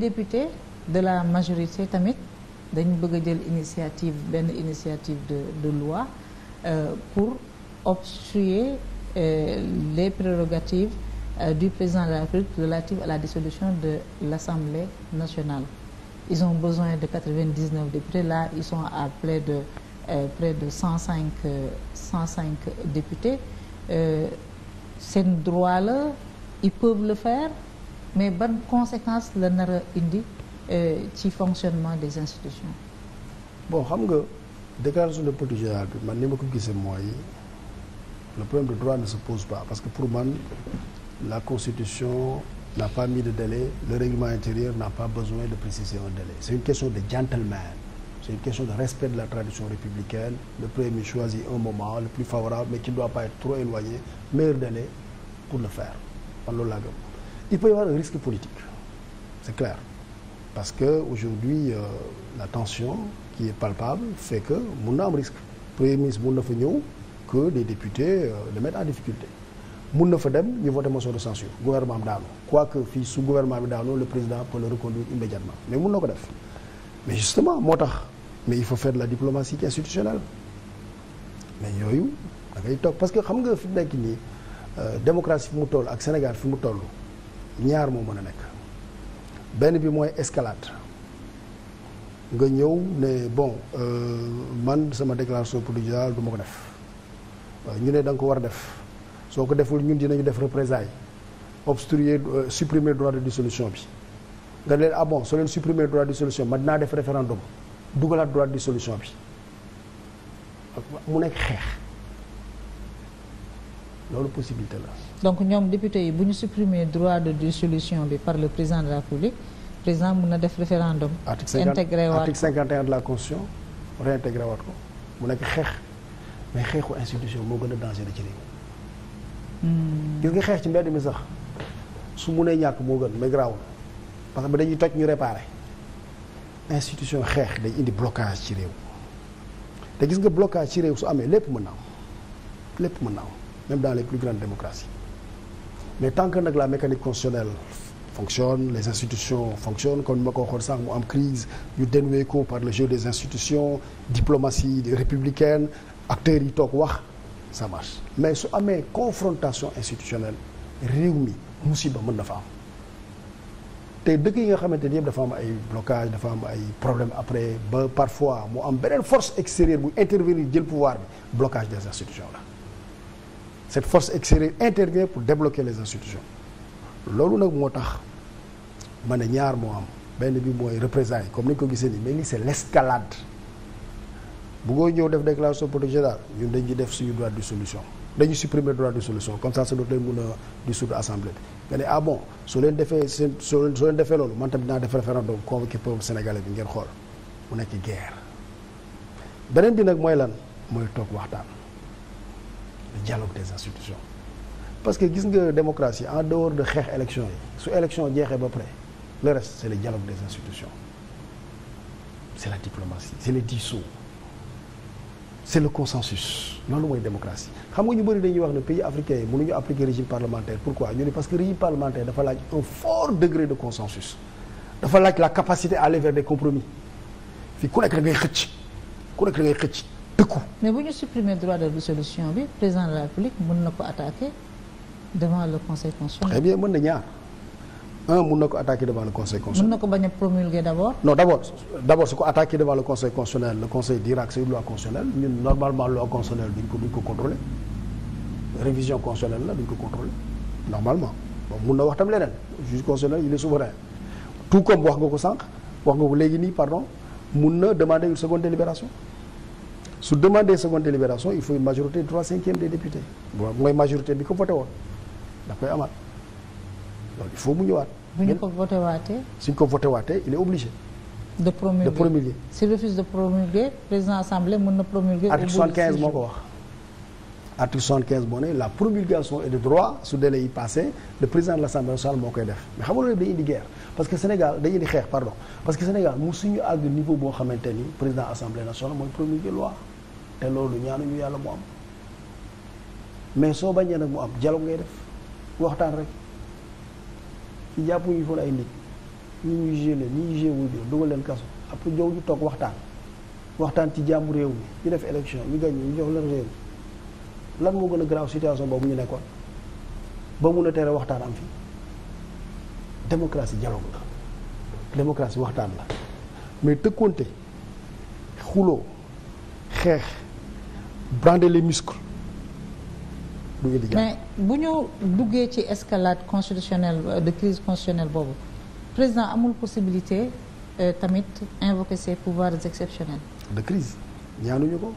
député de la majorité tamit dañu bëgg jël initiative benn initiative de de loi euh, pour obstruer euh, les prérogatives euh, du président de la République la dissolution de l'Assemblée nationale ils ont besoin de 99 députés là ils sont à près de euh, près de 105 105 euh, députés euh, seen droit la ils peuvent le faire mais ban conséquence la nar a indi euh, ci fonctionnement des institutions. bon xam nga déclaration de politique bi man ni ma ko gisee mooy le problème de droit ne se pose pas parce que pour man la constitution n'a pas mis de délai le règlement intérieur n'a pas besoin de préciser un délai c'est une question de gentleman c'est une question de respect de la tradition républicaine le premier ministre un moment le plus favorable mais qui ne doit pas être trop pour le faire man il peut avoir un risque politique, c'est clair. Parce que euh, la tension qui est palpable fait que mun na am risque. premier ministre mun na fa ñëw que des députés euh, le en difficulté mun na fa dem ñu voté motion de censure gouvernement am daanu quoique fii su gouvernement bi daanoo le président peut le reconduire immédiatement ko def mais justement moo tax mais il faut faire de la mais yooyu da parce que xam nga fi mu nekk nii euh, démocratie fi mu ak Sénégal fi mu toll ñaar moo mën a nekk benn bi mooy escalade nga ñëw ne bon euh, man sama déclaration provisoire du ma ko def euh, ñu ne da nga ko war a def soo ko deful ñun dinañu def représailles obstruer euh, supprimer droit de dissolution bi nga leen ah bon soo leen supprimer droit de dissolution man dinaa def référendum dugalaat droit de dissolution bi mu nekk xeex loolu possibilité la. donc ñoom député yi bu ñu supprimer droit de dissolution bi par le président de la République président mun na def référendum. intégré waat article cinquante la constitution réintégré waat ko mu nekk xeex mais xeexu institution moo gën a dangereux ci réew. Hmm. gis nga xeex ci mbedd mi sax su munee ñàkk moo gën mais garaawul parce que ba dañuy toj ñu réparé institution xeex day indi blocage ci réew te gis nga blocage ci réew su amee lépp mën na am lépp mën na am. même dans les plus grandes démocraties mais tant que nag la mécanique constitutionnelle fonctionne les institutions fonctionnent comme ni ma ko waxoon sànq mu am crise ñu dénouer par le jeu des institutions diplomatie républicaine acteurs yi toog wax ça marche mais su amee confrontation institutionnelle réew mi musiba mën na fa am te dëkk yi nga xamante ni yëpp dafa am ay blocage dafa am ay problèmes après ba parfois mu am beneen force extérieure bu intervenir jël pouvoir bi blocage des la cette force extérieure intervient pour débloquer les institutions loolu nag moo tax ma ne ñaar moo am benn bi mooy représailles comme ni ñu ko gisee nii mais lii c'est l'escalade bëggoo ñëw def déclaration politique générale ñun dañuy def suñu droit de solution dañu supprimer droit de solution comme ça sa doot leen mën a dissoudre assemblée bi nga ne ah soo leen defee seen soo leen defee loolu man tamit dinaa def référendum convoqué peuple sénégalais bi ngeen xool mu nekk guerre beneen bi nag mooy lan mooy toog waxtaan le dialogue des institutions parce que gis nga démocratie en dehors de xeex élection yi su élection jeexee ba pare le reste c'est le dialogue des institutions c'est la diplomatie c'est le dialogue c'est le consensus loolu mooy démocratie xam nga ñu bëri dañuy wax ne pays africains yi mënuñu appliquer régime parlementaire pourquoi ñu ne parce que régime parlementaire dafa laaj un fort degré de consensus dafa laaj la capacité à aller vers des compromis fii ku nekk xëcc ku da ngay xëcc dëkku. mais bu ñu supprimer droit de résolution bi président de la république mën na ko attaquer devant le conseil constitutionnel. très bien mën na ñaar un na ko attaquer devant le conseil constitutionnel. mën na ko bañ a promulguer d' abord. non d' abord d' abord su ko attaquer devant le conseil conseil dira que c' loi constitutionnelle normalement loi constitutionnelle duñ ko ko contrôler révision constitutionnelle la duñ ko contrôler normalement bon mën na wax tam leneen juge constitutionnel il est souverain tout comme wax nga ko sànq wax nga ko léegi nii pardon mun na demander une seconde délibération. su demandé seconde délibération il faut une majorité trois cinquièmes des députés waaw mooy majorité bi ko voté woon da koy amaat donc il faut mu ñëwaat. bu ñu ko voté waatee. suñ ko voté waatee il est obligé. de promulguer de promulguer. s'il refuse wax. article 75 moo ne la promulgation est de su délai yi passé le président de l'assemblée nationale moo koy def mais xam nga loolu day indi guerre parce que Sénégal day indi xeex pardon parce que Sénégal mu suñu àgg niveau boo xamante ni président assemblée nationale mooy promulguer loi. te loolu ñaanuñu yàlla mu am mais soo bañee nag mu am dialogue ngay def waxtaan rek ci ñu foon ay nit ñu ñuy géle ñi ñuy géwul bi dugal leen kaso ap jow ñu toog waxtaan waxtaan ci jàmm réew mi ñu def élection ñu gagné ñu jox leen réew mi lan moo gën a grave situation boobu ñu nekkoon ba mun a tere waxtaan am fi démocratie dialogue la démocratie waxtaan la mais tëkkoonte xuloo xeex brander les muscles du Ely mais bu ñu duggee ci escalade constitutionnelle euh, de crise constitutionnelle boobu président amul possibilité euh, tamit invoquer ses pouvoirs exceptionnels. de crise ñaanuñu ko.